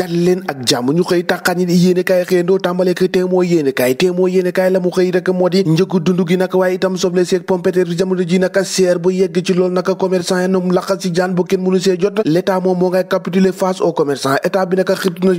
dal leen ak jàmm ñu xëy tàqaat ñi yéene kaay xëyandoo tàmbale ko téemoo yéene kaay téemoo yéene kaay la mu xëy rek moo di njëkk dund gi nag waaye itam soble seeg pompeter bi ji nag seer bu yegg ci loolu nag commerçant yi ñoom laqa si jaan bu kenn mënu see jot l'état moom moo na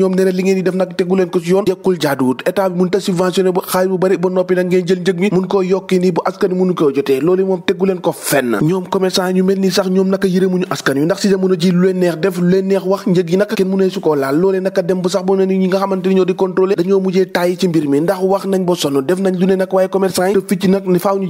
ñoom ko ci yoon jekkul jaaduwut état bi mun ta subventionné ba noppi nag jël njëg mi mun koo yokki nii bu askan mënu koo jotee loolu moom tegu leen ko fenn ñoom commerçant yi ñu mel ni sax ñoom nag yërëmuñu askan yu ndax si jamono ji lu leen neex def lu leen neex wax njëg yi nag kenn mënee su koo laal loolee naka dem bu sax bo ne ni ñi nga xamante ni ñoo di contrôler dañoo mujjee taay ci mbir mi ndax wax nañ ba sonn def nañ lu ne nag waaye commerçant yi te fii ci nag ni faaw ñu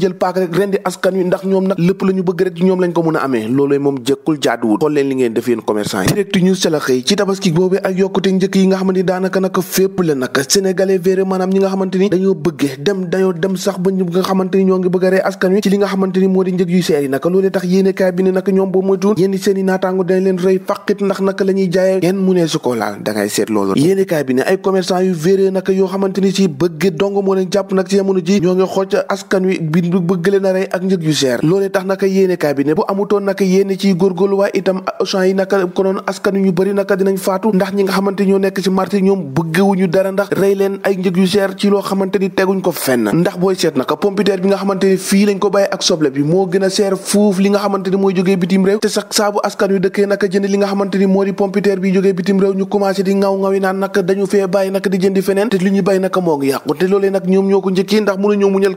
ndax ñoom nag lépp la ñu bëgg rek ñoom lañ ko mën a amee loolee moom jëkkul jaaduwul xool li ngeen def yéen commerçant yi direct news ca la xëy ci tabaski boobu nga xamante ni daanaka naka fépp la nag sénégalais véré ñi nga xamante ni dañoo bëggee dem dañoo dem sax ba ñu nga xamante ni ñoo ngi bëgg a askan wi ci li nga xamante ni moo di njëg yu seer yi naka loolee tax yéene kaay bi ne nag ñoom boo moytuwul yéen seen i naataango leen rëy fàqit ndax naka la ñuy jaayee kenn mu nee su da ngay seet loolu yéenekaay bi ne ay commerçant yu véré naka yoo xamante ni ci bëgg dong moo leen jàpp nag ci jamono ji ñoo ngi xocc wi bi bëgg leen a rey ak njëg yu cher loolee tax naka yéenekaay bi ne bu amutoon naka yéene ciy góorgóorlu itam champs yi naka konoon askan yu bëri naka dinañ faatu ndax ñi nga xamante ñoo nekk ci marché ñoom bëggewuñu dara ndax leen ay njëg yu cher ci loo xamante ni teguñ ko fenn ndax booy seet naka pompiteer bi nga xamante ni fii lañ ko bàyyi ak soble bi moo gën a cher fuuf li nga xamante ni mooy jógee bitim réew te sax saabu askan yu dëkkee naka jënd li nga xamante ni moo di pompiteer bi jógee bitim réew ñu commencé commencé di ngaw ngaw yi naan dañu fee bàyyi nag di jëndi feneen te li ñuy bàyyi nag moo ngi yàqu te loolee nag ñoom ñoo ko njëkkee ndax mënuñoo muñal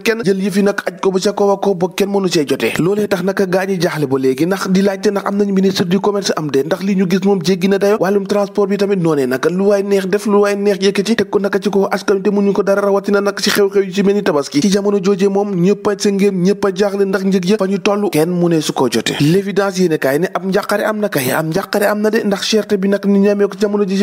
a ñu ko dara rawatina nag ci xew-xew yi ci mel ni tabaski ci jamono joojee moom ñëpp sa ngeen ñëpp jaaxle ndax njëg ya fa ñu toll kenn mu ne su ko jotee l'évidence yéene kaay ne ab njàqare am na kay am njàqare am na de ndax cherté bi nag ñu ñamee ko jamono ji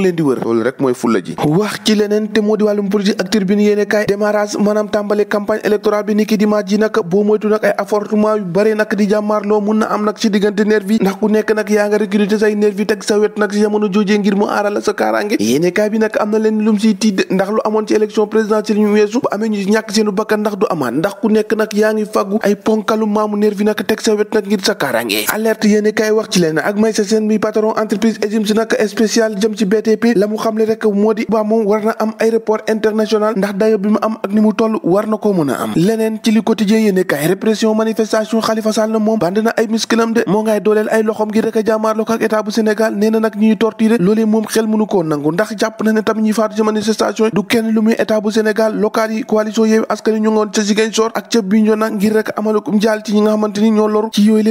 ngi leen di wër rek mooy fulla ji wax ci leneen te moo di wàllum politique ak tribune yéene kaay démarrage maanaam tàmbale campagne électorale bi ni ci diggante joojee ngir mu aaral sa kaaraange yéene kaay bi nag am na leen lum siy tiid ndax lu amoon ci élection présidentielle ñu weesu bu amee ñu seenu bakkan ndax du amaan ndax ku nekk nag yaa ngi fàggu ay ponkalu maamu nervi nag teg sa wet nag ngir sa kaaraange alerte yéene kaay wax ci leneen ak may ATP la mu xamle rek am aéroport international ndax dayo bi mu am ak ni mu toll war ko mën am leneen ci li quotidien yéene kaay répression manifestation Khalifa Sall moom band na ay musculam de moo ngay dooleel ay loxom gi rek a jàmmaarloo état bu Sénégal nee nag ñuy torturé loolee moom xel mënu koo nangu ndax jàpp na ne tam ñuy faatu ci manifestation du kenn lu muy état bu Sénégal local yi coalition Yewwi Askan ñu ngoon ci ñi nga xamante ci yooyu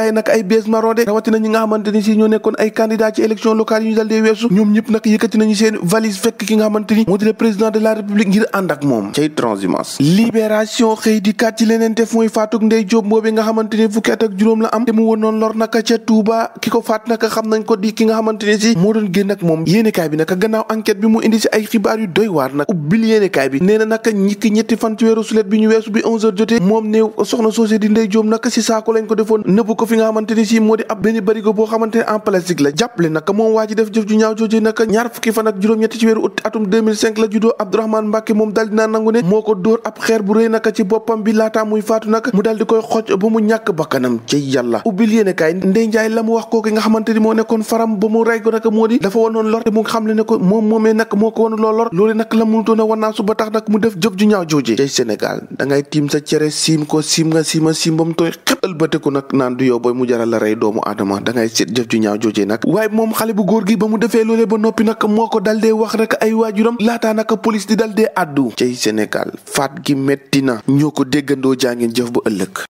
candidat yi nag ay bees marron de rawatina ñi nga xamante si ñoo nekkoon ay candidat ci élection locale yi ñu dal weesu ñoom ñëpp nag yëkkati nañu seen valise fekk ki nga xamante fukki at juróom la am te mu woon noonu naka ca Touba ki ko faat naka xam nañ ko di ki nga xamante si moo doon génn ak moom yéenekaay bi naka gannaaw enquête bi mu indi si ay xibaar yu doy waar nag ubbil yéenekaay bi nee naka ñetti fan weeru sulet bi ñu weesu bi 11 fi nga xamante ni si moo di ab benn boo xamante ne en plastique la jàppale naka moom waa ji def jëf ju ñaaw jooju naka ñaar fukki fan ak juróom-ñetti ci weeru ut atum 2005 la juddoo Abdourahmane Mbacke moom daal moo ko dóor ab xeer bu rëy naka ci boppam bi laataa muy faatu naka mu daal di koy xoj ba mu ñàkk bakkanam ci yàlla ubbil yéene kaay Ndeye Ndiaye la mu wax kooku nga xamante ni moo nekkoon faram ba mu rey ko naka moo dafa wanoon lor te mu xam le ne ko moom moomee nag moo ko wanu loo lor loolu nag la mënutoon a wanaasu ba tax nag mu def jëf ju ñaaw jooje ci Sénégal da ngay tiim sa cere siim ko siim nga siima siim ba mu tooy xëpp ëlbatiku nak naan du yow booy mu jaral la rey doomu aadama da ngay seet jëf ju ñaaw joojee nag waaye moom xale bu góor gi ba mu defee loole ba noppi nag moo ko dal dee wax rek ay waajuram laataa naka police di dal dee àddu cay Sénégal faat gi metti na ñoo ko déggandoo jaa ngeen jëf bu ëllëg